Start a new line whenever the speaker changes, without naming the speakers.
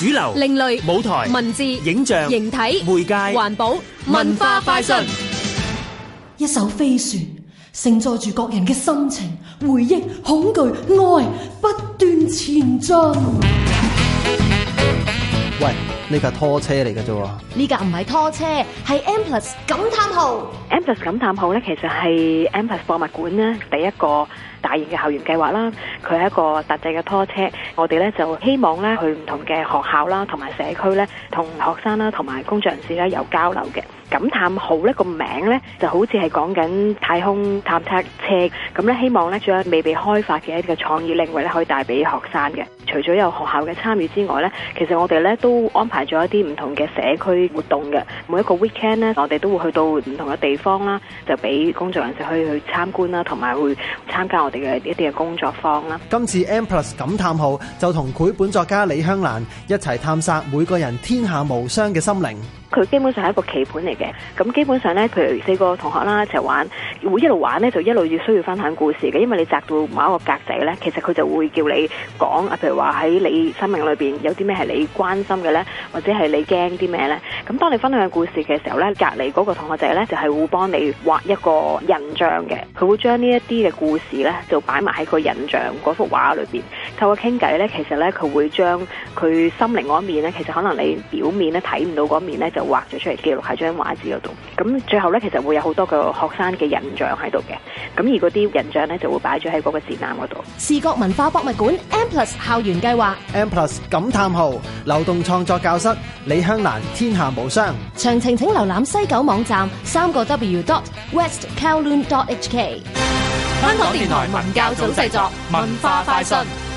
主流、另類舞台、文字、影像、形體、
媒介、環保、文化快訊。一艘飛船，盛載住各人嘅心情、回憶、恐懼、愛，不斷前進。
呢架拖車嚟嘅啫喎，
呢架唔係拖車，係 M+ 敢探號。M+ 敢探號咧，其實係 M+ 博物館咧，第一個大型嘅校園計劃啦。佢係一個特製嘅拖車，我哋咧就希望咧去唔同嘅學校啦，同埋社區咧，同學生啦，同埋工作人士咧有交流嘅。感探號呢個名呢，就好似係講緊太空探測車，咁咧希望呢，仲有未被開發嘅一啲嘅創意領域咧，可以帶俾學生嘅。除咗有學校嘅參與之外呢，其實我哋咧都安排咗一啲唔同嘅社區活動嘅。每一個 weekend 呢，我哋都會去到唔同嘅地方啦，就俾工作人士去參觀啦，同埋會參
加我哋嘅一啲嘅工作坊啦。今次 M+ 感探號就同繪本作家李香蘭一齊探索每個人天下無雙嘅心靈。
佢基本上係一個棋盤嚟嘅，咁基本上呢，譬如四個同學啦，一齊玩，會一路玩呢，就一路要需要分享故事嘅。因為你扎到某一個格仔呢，其實佢就會叫你講啊，譬如話喺你生命裏邊有啲咩係你關心嘅呢，或者係你驚啲咩呢。咁當你分享故事嘅時候呢，隔籬嗰個同學仔呢，就係會幫你畫一個印象嘅，佢會將呢一啲嘅故事呢，就擺埋喺個印象嗰幅畫裏邊。透過傾偈呢，其實呢，佢會將佢心靈嗰一面呢，其實可能你表面咧睇唔到嗰面呢，畫咗出嚟，記錄喺張畫紙嗰度。咁最後咧，其實會有好多個學生嘅印象喺度嘅。咁而嗰啲印象咧，就會擺咗喺嗰個展覽嗰度。
視覺文化博物館 M Plus 校園計劃 M Plus 感嘆號流動創作教室李香蘭天下無雙。詳情請瀏覽西九
網站，三個 W dot West Kowloon dot H K。香港電台文教組製作，文化快訊。